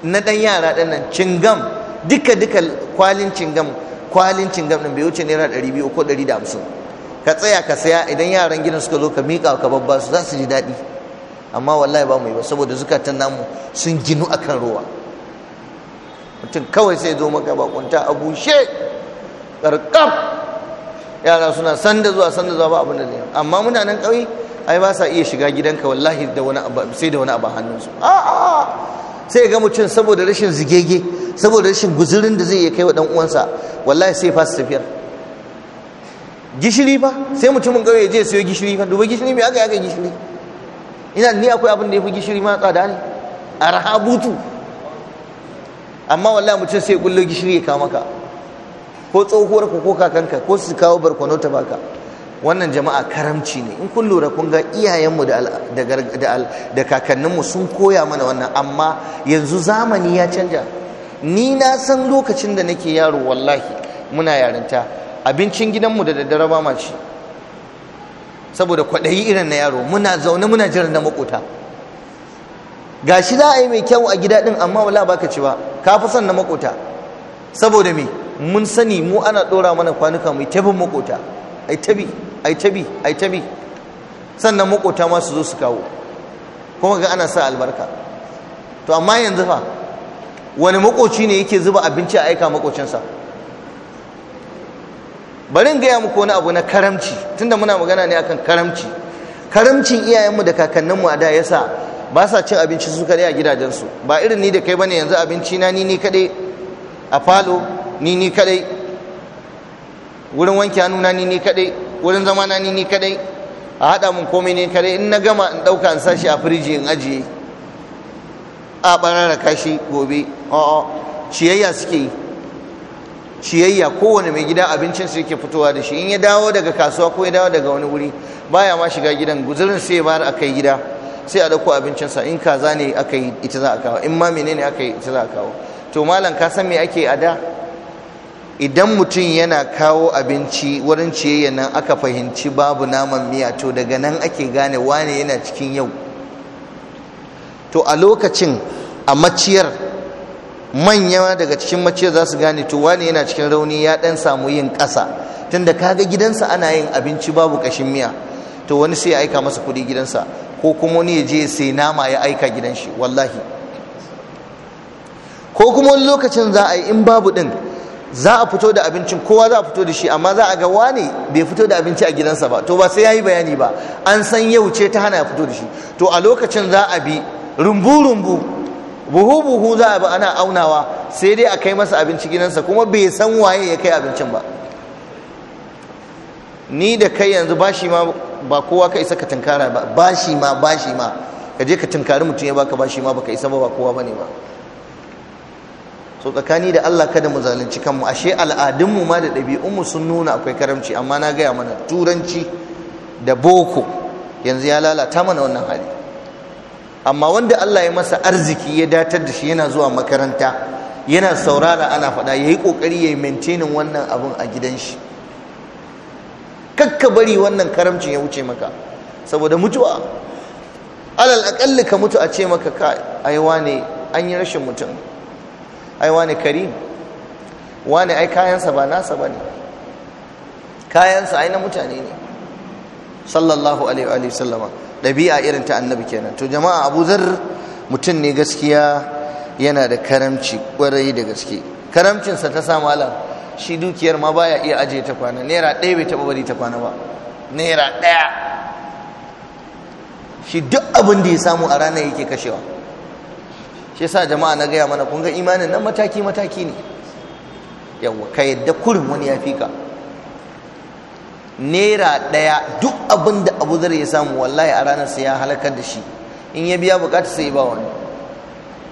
na ɗan yara ɗan nan cingam duka duka kwalin cingam kwalin cingam ɗin bai wuce naira ɗari biyu ko ɗari da hamsin ka tsaya ka saya idan yaran gidan suka zo ka miƙa ka babba su za su ji daɗi amma wallahi ba mu yi ba saboda zukatan namu sun ginu akan ruwa mutum kawai sai zo maka bakunta a bushe karkam yara suna sanda zuwa sanda zuwa ba abin da ne amma muna nan ƙauye ai ba sa iya shiga gidanka wallahi da wani abu sai da wani abu hannunsu a'a sai ga mutum saboda rashin zigege saboda rashin guzurin da zai iya kai wa dan uwansa wallahi sai su tafiyar gishiri fa sai mutumin gauye ya je siyo gishiri fa duba gishiri me aka aka gishiri ina ni akwai abin da ya fi gishiri ma tsada ne A butu amma wallahi mutum sai kullo gishiri ya kawo maka ko tsohuwar ko kakanka ko su kawo barkwano ta baka wannan jama'a karamci ne in kun lura kun ga iyayenmu da kakanninmu sun koya mana wannan amma yanzu zamani ya canja ni na san lokacin da nake yaro wallahi muna yarinta abincin gidanmu da daddare ba ma saboda kwaɗayi irin na yaro muna zaune muna jiran na makota shi za a yi mai kyau a gida ɗin amma wala baka ci ba ka fi son na makota saboda me mun sani mu ana ɗora mana kwanuka mai tafin makota ai tabi ai tabi ai tabi sannan makota ma su zo su kawo kuma ga ana sa albarka to amma yanzu fa wani makoci ne yake zuba abinci a aika makocinsa bari in gaya muku wani abu na karamci tunda muna magana ne akan karamci karamcin iyayenmu da kakanninmu a da yasa ba sa cin abinci su kaɗai a gidajensu ba irin ni da kai bane yanzu abinci na ni ni kadai a falo ni ni kadai wurin wanke hannu ni ni kadai wurin zama na ni kadai a haɗa mun komai ne kadai in na gama in dauka in sashi a firiji in ajiye a ɓararra kashi gobe a'a ciyayya suke yi ciyayya kowane mai gida abincin su yake fitowa da shi in ya dawo daga kasuwa ko ya dawo daga wani wuri baya ma shiga gidan guzurin sai bayar akai gida sai a dauko abincin sa in kaza ne aka yi ita za a kawo in ma menene aka yi ita za a kawo to malam ka san me ake a da idan mutum yana kawo abinci wurin ciyayya nan aka fahimci babu naman miya to daga nan ake gane wane yana cikin yau to a lokacin a maciyar manya daga cikin maciyar za su gane to wane yana cikin rauni ya dan samu yin ƙasa tunda kaga gidansa ana yin abinci babu ƙashin miya to wani sai ya aika masa kuɗi gidansa ko kuma wani ya je sai nama ya aika gidan shi wallahi ko kuma wani lokacin za a yi in babu ɗin za a fito da abincin kowa za a fito da shi amma za a ga wani bai fito da abinci a gidansa ba to ba sai ya yi bayani ba an san yau ce ta hana ya fito da shi to a lokacin za a bi rumbu-rumbu buhu-buhu za a bi ana aunawa sai dai a kai masa abinci gidansa kuma bai san waye ya kai abincin ba ni da kai yanzu bashi ma ba kowa ka isa ka tunkara ba bashi ma bashi ma ka je ka tunkari mutum ya baka bashi ma baka isa ba ba kowa ba, ne ba. so tsakani da Allah kada mu zalunci kanmu ashe al'adunmu ma da ɗabi'unmu sun nuna akwai karamci amma na gaya mana turanci da boko yanzu ya lalata mana wannan hali amma wanda Allah ya masa arziki ya datar da shi yana zuwa makaranta yana saurara ana faɗa ya yi ƙoƙari ya yi maintainin wannan abun a gidan shi kakka bari wannan karamcin ya wuce maka saboda mutuwa alal aƙalli ka mutu a ce maka ka aiwa ne an yi rashin mutum ai wani karim wani ai kayansa ba nasa ba ne kayansa ai na mutane ne sallallahu alaihi sallama ɗabi'a irin ta annabi kenan to jama'a abu zar mutum ne gaskiya yana da karamci kwarai da gaske karamcinsa ta sa malam shi dukiyar ma baya iya ajiye ta kwana naira ɗaya bai taɓa bari ta kwana ba naira ɗaya shi duk abin da ya samu a ranar yake kashewa shi sa jama'a na gaya mana kun ga imanin nan mataki mataki ne yawa ka yadda kurin wani ya fi ka naira ɗaya duk abin da abu zar ya samu wallahi a ranar sai ya halakar da shi in ya biya bukata sai ba wani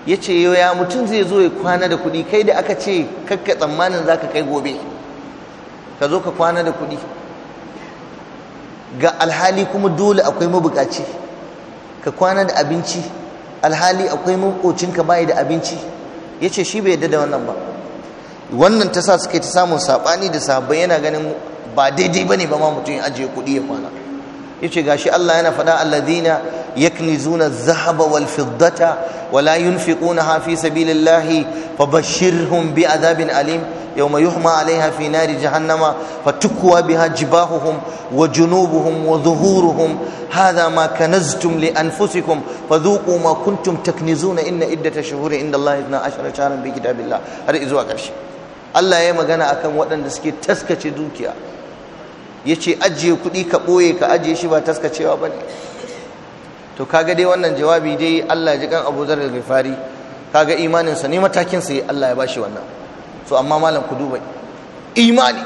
ya ce ya mutum zai zo ya kwana da kuɗi kai da aka ce kakka tsammanin za ka kai gobe ka zo ka kwana da kuɗi ga alhali kuma dole akwai mabukaci ka kwana da abinci alhali akwai makocinka bai da abinci yace shi bai yadda da wannan ba wannan ta sa suke ta samun sabani da sahabbai yana ganin ba daidai bane ba ma mutum ya ajiye kuɗi ya kwana yace gashi Allah yana faɗa alladina yaknizuna zahaba dhahaba wal fiddata wa la yunfiqunaha fi sabilillahi fabashshirhum bi'adabin alim yawma yuhma 'alayha fi nari jahannama fatukwa biha jibahuhum wa junubuhum wa dhuhuruhum hadha ma kanaztum li anfusikum fadhuqu ma kuntum taknizuna inna iddata shuhuri inda Allah 12 shahran bi kitabillah har izuwa karshe Allah ya magana akan waɗanda suke taskace dukiya ya ce ajiye kuɗi ka ɓoye ka ajiye shi ba taskacewa ba ne to kaga dai wannan jawabi dai Allah ya ji kan Abu zarar al fari. kaga imaninsa ne matakinsa Allah ya bashi wannan so amma malam ku duba imani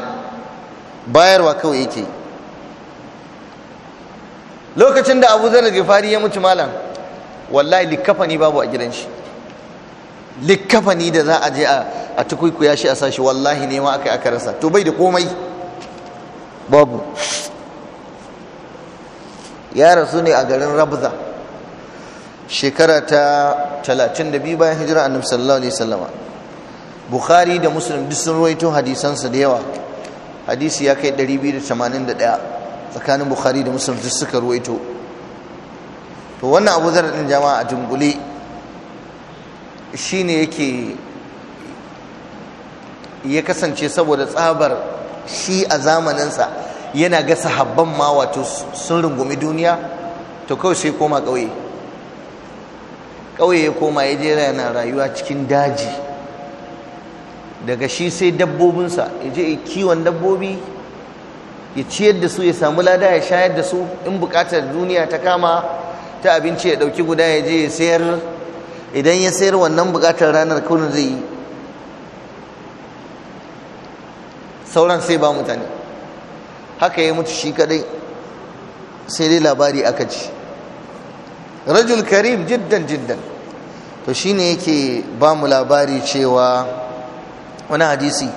bayarwa kawai yake lokacin da Abu zarar al fari ya mutu malam wallahi likafani babu a gidan shi likafani da za a je a ya shi a sashi wallahi ne ma aka aka rasa to bai da komai babu ya rasu ne a garin rabza shekara ta 32 bayan hijira annabi sallallahu alaihi wasallama bukhari da muslim duk sun ruwaito hadisansa da yawa hadisi ya kai 281 tsakanin bukhari da muslim duk suka ruwaito to wannan abu zarar din jama'a a jungule shine yake ya kasance saboda tsabar shi a zamaninsa yana ga sahabban ma wato sun rungumi duniya to kawai sai koma ƙauye ƙauye ya koma ya jera yana rayuwa cikin daji daga shi sai dabbobinsa ya je kiwon dabbobi ya ciyar da su ya samu lada ya shayar da su in buƙatar duniya ta kama ta abinci ya ɗauki guda ya je ya sayar idan ya sayar wannan buƙatar ranar kawai zai yi sauran sai ba mutane haka ya mutu shi kadai sai dai labari aka ci rajul karim jiddan jiddan to shine yake ba mu labari cewa wani hadisi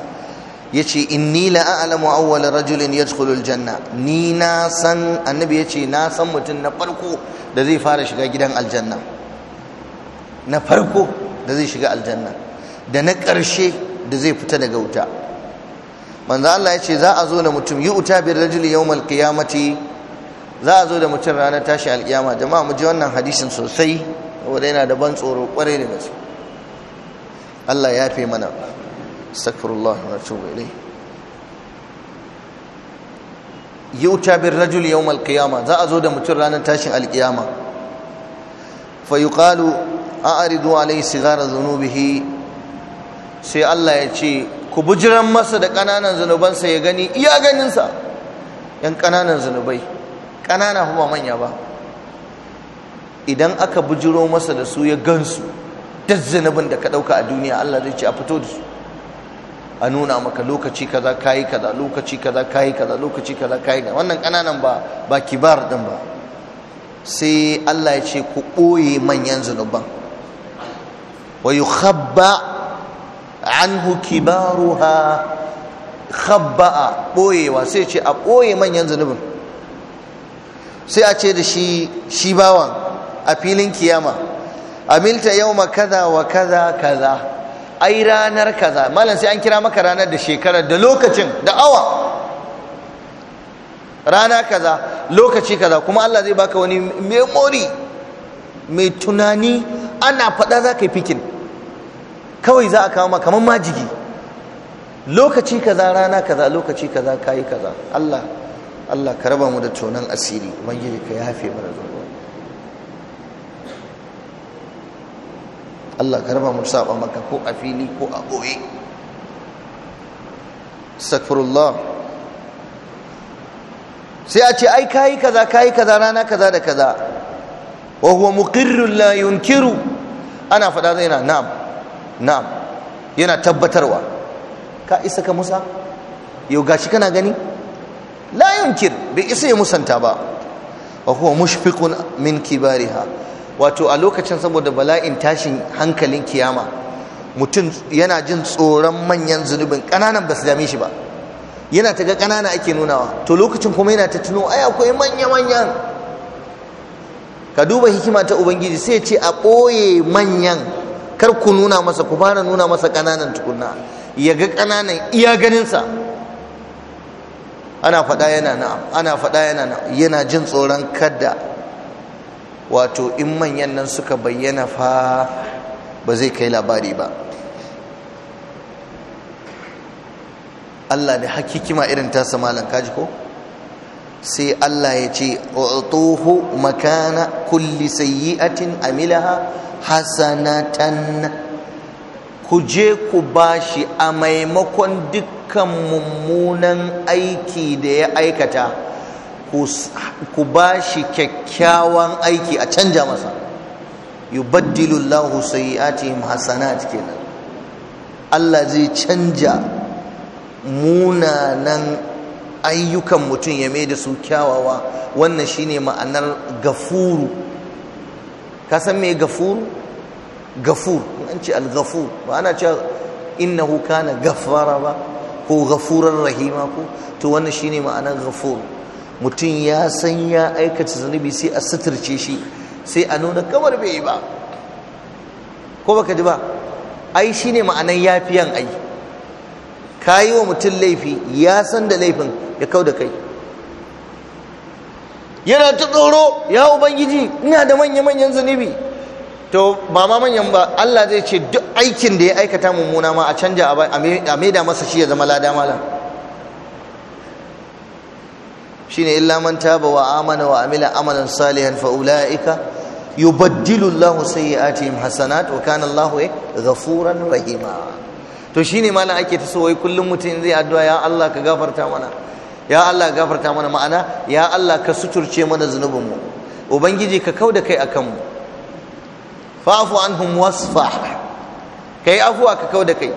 ya ce la a'lamu awwala rajulin yadkhulul janna ni na san annabi ya ce na san mutum na farko da zai fara shiga gidan aljanna na farko da zai shiga aljanna da na ƙarshe da zai fita daga wuta manzo Allah ya ce za a zo da mutum yi uta bi rajuli yawmal qiyamati za a zo da mutum ranar tashi alkiyama jama'a mu ji wannan hadisin sosai saboda yana da ban tsoro kwarai da gaske Allah ya fi mana astaghfirullah wa atubu ilayh yi uta bi rajuli yawmal qiyama za a zo da mutum ranar tashin alkiyama fa yuqalu a'ridu alayhi sigara dhunubihi sai Allah ya ce ku bujiran masa da ƙananan zunubansa ya gani iya ganinsa yan ƙananan zunubai ƙanana kuma manya ba idan aka bujiro masa da su ya gansu duk zunubin da ka ɗauka a duniya Allah zai ce a fito da su a nuna maka lokaci kaza kayi kaza lokaci kaza kayi kaza lokaci kaza kayi kaza wannan ƙananan ba ba kibar din ba sai Allah ya ce ku ɓoye manyan zunuban wa yukhabba anhu kibaruha khabba'a boyewa sai ce a boye manyan zunubin sai a ce da shi shi bawan a filin kiyama amilta yauma kaza wa kaza kaza ai ranar kaza malam sai an kira maka ranar da shekarar da lokacin da awa rana kaza lokaci kaza kuma Allah zai baka wani memory mai tunani ana faɗa za ka yi fikin kawai za a kawo ma kamar majigi lokaci kaza rana kaza lokaci kaza kayi kaza Allah Allah ka raba mu da tonan asiri ubangiji ka yafe mana zuwa Allah ka raba mu saba maka ko a fili ko a boye astaghfirullah sai a ce ai kayi kaza kayi kaza rana kaza da kaza wa huwa muqirrun la yunkiru ana faɗa zai na na'am na'am yana tabbatarwa ka isa ka musa yau gashi kana gani la yunkir bai isa ya musanta ba wa huwa mushfiqun min kibariha wato a lokacin saboda bala'in tashin hankalin kiyama mutum yana jin tsoron manyan zunubin kananan ba su dame shi ba yana ta ga kanana ake nunawa to lokacin kuma yana ta tuno ai akwai manya manyan ka duba hikima ta ubangiji sai ya ce a ɓoye manyan kar ku nuna masa ku fara nuna masa ƙananan tukunna ya ga ƙananan iya ganinsa ana faɗa yana na ana faɗa yana na yana jin tsoron kada wato in manyan nan suka bayyana fa ba zai kai labari ba Allah da hakikima irin tasa malam kaji ko sai Allah ya ce utuhu makana kulli sayyi'atin amilaha hasanatan ku je ku bashi a maimakon dukkan mummunan aiki da ya aikata ku bashi kyakkyawan aiki a canja masa yubaddilu Allahu sayyi'atihim hasanat kenan Allah zai canja munanan ayyukan mutum ya mai da su kyawawa wannan shine ma'anar gafuru ka san me gafur an ce al gafur ba ana cewa innahu kana gafara ba ko gafuran rahima ko to wannan shine ma'anar gafur mutum ya san ya aikata zunubi sai a suturce shi sai a nuna kamar bai yi ba ko baka ji ba ai shine ma'anar yafiyan ai kayi wa mutum laifi ya san da laifin ya kau da kai yana ta tsoro ya ubangiji ina da manya-manyan zunubi to ba ma manyan ba Allah zai ce duk aikin da ya aikata mummuna ma a canja a maida masa shi ya zama lada malam shine illa man taba wa amana wa amila amalan salihan fa ulaika yubaddilu Allah sayyi'atihim hasanat wa kana Allah eh, ghafuran rahima to shine malam ake ta so wai kullum mutum zai addu'a ya Allah ka gafarta mana ya Allah gafarta mana ma'ana ya Allah ka suturce mana zunubinmu ubangiji ka kau da kai akan mu fa'fu anhum wasfah kai afuwa ka kau da kai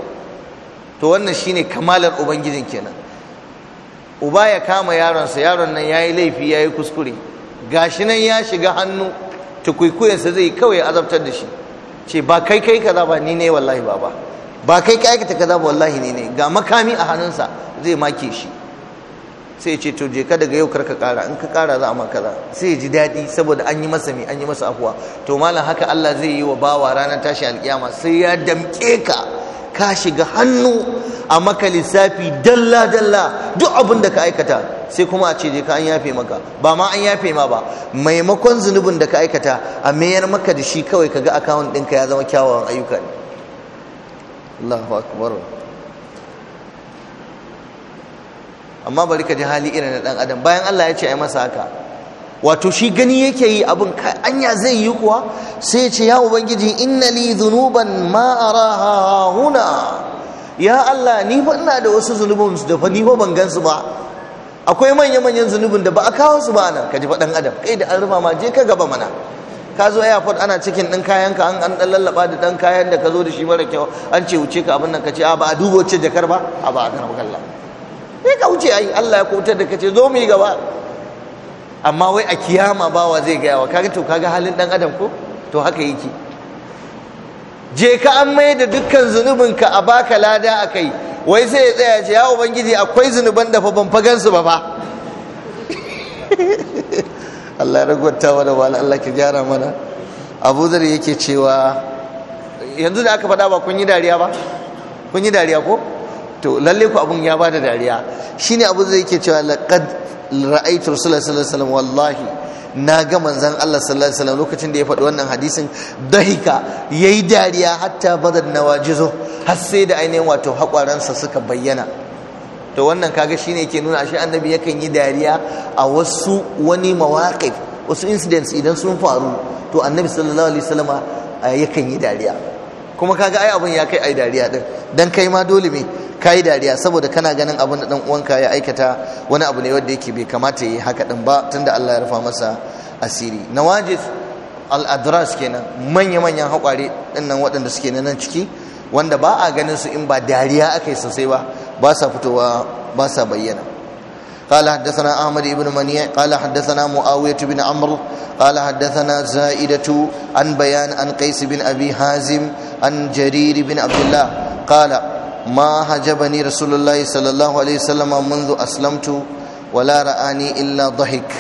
to wannan shine kamalar ubangijin kenan uba ya kama yaronsa yaron nan yayi laifi yayi kuskure gashi nan ya shiga hannu tukuikuyansa zai kawai azabtar da shi ce ba kai kai kaza ba ni ne wallahi baba ba kai ka aikata kaza ba wallahi ni ne ga makami a hannunsa zai make shi sai ce to je ka daga yau karka kara in ka kara za a maka kaza sai ji daɗi saboda an yi masa mi an yi masa afuwa to malam haka Allah zai yi wa bawa ranar tashi alkiyama sai ya damke ka ka shiga hannu a maka lissafi dalla dalla duk abin da ka aikata sai kuma a ce je ka an yafe maka ba ma an yafe ma ba maimakon zunubin da ka aikata a mayar maka da shi kawai kaga akawun ɗinka ya zama kyawawan ayyuka ne Allahu akbar amma bari ka ji hali irin na dan adam bayan Allah ya ce ai masa haka wato shi gani yake yi abin anya zai yi kuwa sai ya ce ya ubangiji inna li dhunuban ma araha huna ya Allah ni fa ina da wasu zulubun da fa ni fa ban gansu ba akwai manya manyan zulubun da ba a kawo su ba nan ka ji fa dan adam kai da an rufa ma je ka gaba mana ka zo airport ana cikin ɗin kayan ka an ɗan lallaba da ɗan kayan da ka zo da shi mara kyau an ce wuce ka abin nan ka ce a ba a duba wacce jakar ba a ba a karɓi kallon sai ka wuce ai Allah ya kautar da kace zo mu yi gaba amma wai a kiyama bawa zai gaya wa kaga to kaga halin dan adam ko to haka yake je ka an mai da dukkan ka a baka lada a kai wai sai ya tsaya ce ya ubangiji akwai zunuban da fa ban fagan su ba fa Allah ya ragwata mana wala Allah ki gyara mana Abu Dhar yake cewa yanzu da aka faɗa ba kun yi dariya ba kun yi dariya ko to lalle ku abun ya bada dariya shine abu zai ke cewa laqad ra'aytu rasulullahi sallallahu alaihi wasallam wallahi na ga manzon Allah sallallahu alaihi wasallam lokacin da ya faɗi wannan hadisin dahika yayi dariya hatta badad nawajizo har sai da ainihin wato sa suka bayyana to wannan kaga shine yake nuna shi annabi yakan yi dariya a wasu wani mawaqif wasu incidents idan sun faru to annabi sallallahu alaihi wasallam yakan yi dariya kuma kaga ai abun ya kai ai dariya din dan kai ma dole me kai dariya saboda kana ganin abin da dan uwanka ya aikata wani abu ne wanda yake bai kamata yi haka din ba tunda Allah ya rufa masa asiri nawajis al-adras kenan manya manyan hakware dinnan waɗanda suke nan ciki wanda ba a ganin su in ba dariya aka sosai ba ba sa fitowa ba sa bayyana قال حدثنا احمد بن منيع قال حدثنا معاويه بن عمرو قال حدثنا زائده عن بيان عن قيس بن ابي حازم عن جرير بن عبد الله قال ما حجبني رسول الله صلى الله عليه وسلم منذ أسلمت ولا رآني إلا ضحك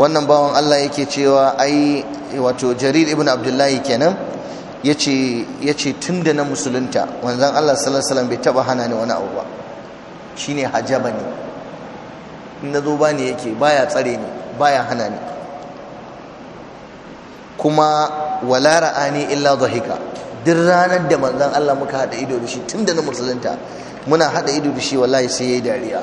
wannan bawan Allah yake cewa ai wato jarir ibn abdullahi kenan yace yace tunda na musulunta wanzan Allah sallallahu alaihi wasallam bai taba hana ni wani abu ba shine hajabani in nazo bani yake baya tsare ni baya hana ni kuma wala ra'ani illa dhahika duk ranar da manzan Allah muka haɗa ido da shi tun da na musulunta muna haɗa ido da shi wallahi sai ya yi dariya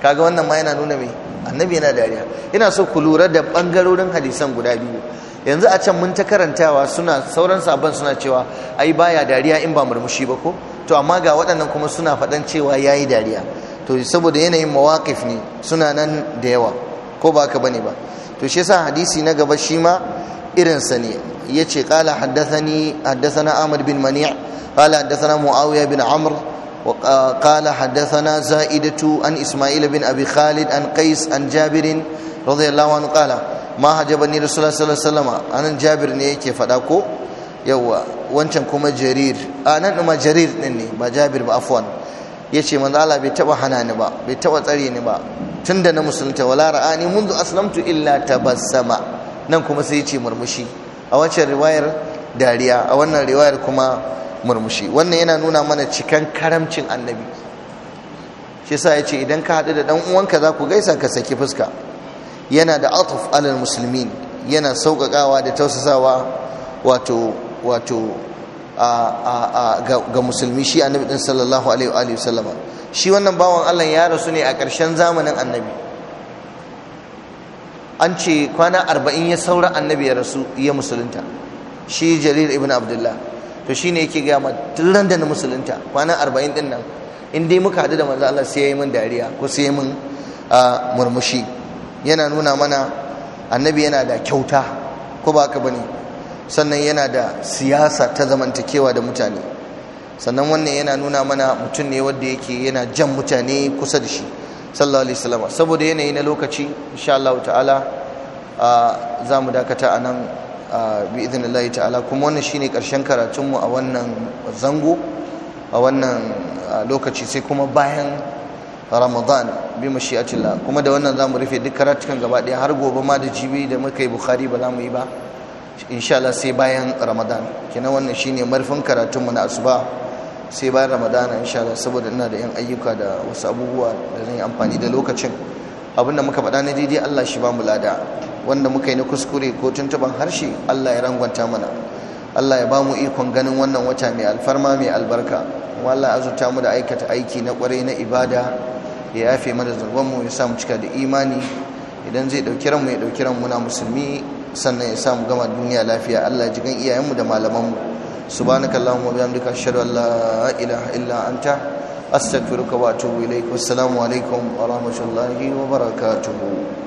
kaga wannan ma yana nuna mai annabi yana dariya ina so ku lura da bangarorin hadisan guda biyu yanzu a can mun ta karantawa suna sauran sabon suna cewa ai baya dariya in ba murmushi ba ko to amma ga waɗannan kuma suna faɗan cewa ya yi dariya to saboda yanayin mawaqif ne suna nan da yawa ko ba ka ne ba to shi yasa hadisi na gaba shi ma irinsa ne yace qala haddathani haddathana bin Mani' qala haddathana Muawiya bin Amr قال حدثنا an isma'il bin بن أبي an عن قيس عن جابر رضي الله عنه قال ما حجبني رسول الله anan Jabir ne وسلم أنا ko نيك wancan kuma Jarir كما kuma Jarir ما جرير نني ما جابر بأفوان yace manzo Allah bai taba hana ni ba bai taba tsare ni ba tunda na musulunta wala ra'ani منذ aslamtu illa tabassama nan kuma sai yace murmushi a wancan riwayar dariya a wannan riwayar kuma murmushi wannan yana nuna mana cikan karamcin annabi shi sa ya ce idan ka haɗu da ɗan uwanka za ku gaisa ka saki fuska yana da atuf alal musulmin yana sauƙaƙawa da tausasawa wato wato ga musulmi shi annabi ɗin sallallahu alaihi wa sallama shi wannan bawan allah ya rasu ne a ƙarshen zamanin annabi an ce kwana arba'in ya saura annabi ya rasu ya musulunta shi jarir ibn abdullah to shi ne yake gaya ma da na musulunta kwana arba'in din nan in dai muka haɗu da manzo Allah sai ya yi min dariya ko sai ya yi murmushi yana nuna mana annabi yana da kyauta ko ba haka bane sannan yana da siyasa ta zamantakewa da mutane sannan wannan yana nuna mana mutum ne wanda yake yana jan mutane kusa da shi sallallahu alaihi saboda yanayi na lokaci insha Allah ta'ala za mu dakata a nan bi idinillahi ta'ala kuma wannan shine karshen karatunmu a wannan zango a wannan lokaci sai kuma bayan ramadan bi mashi'atillah kuma da wannan za mu rufe duk karatukan gaba ɗaya har gobe ma da jibi da muka yi bukhari ba za mu yi ba insha Allah sai bayan ramadan kenan wannan shine marfin karatunmu na asuba sai bayan ramadana insha Allah saboda ina da yan ayyuka da wasu abubuwa da zan yi amfani da lokacin abinda muka faɗa na daidai Allah shi ba mu lada wanda muka yi na kuskure ko tuntuban harshe Allah ya rangwanta mana Allah ya ba mu ikon ganin wannan wata mai alfarma mai albarka wallahi azurta mu da aikata aiki na kwarai na ibada ya yafe mana mu ya sa mu cika da imani idan zai dauki ranmu ya dauki ranmu na musulmi sannan ya sa mu gama duniya lafiya Allah ya ji gan mu da malaman mu subhanakallahumma wa bihamdika ashhadu an la ilaha illa anta astaghfiruka wa atubu ilaik wassalamu alaikum wa rahmatullahi wa barakatuh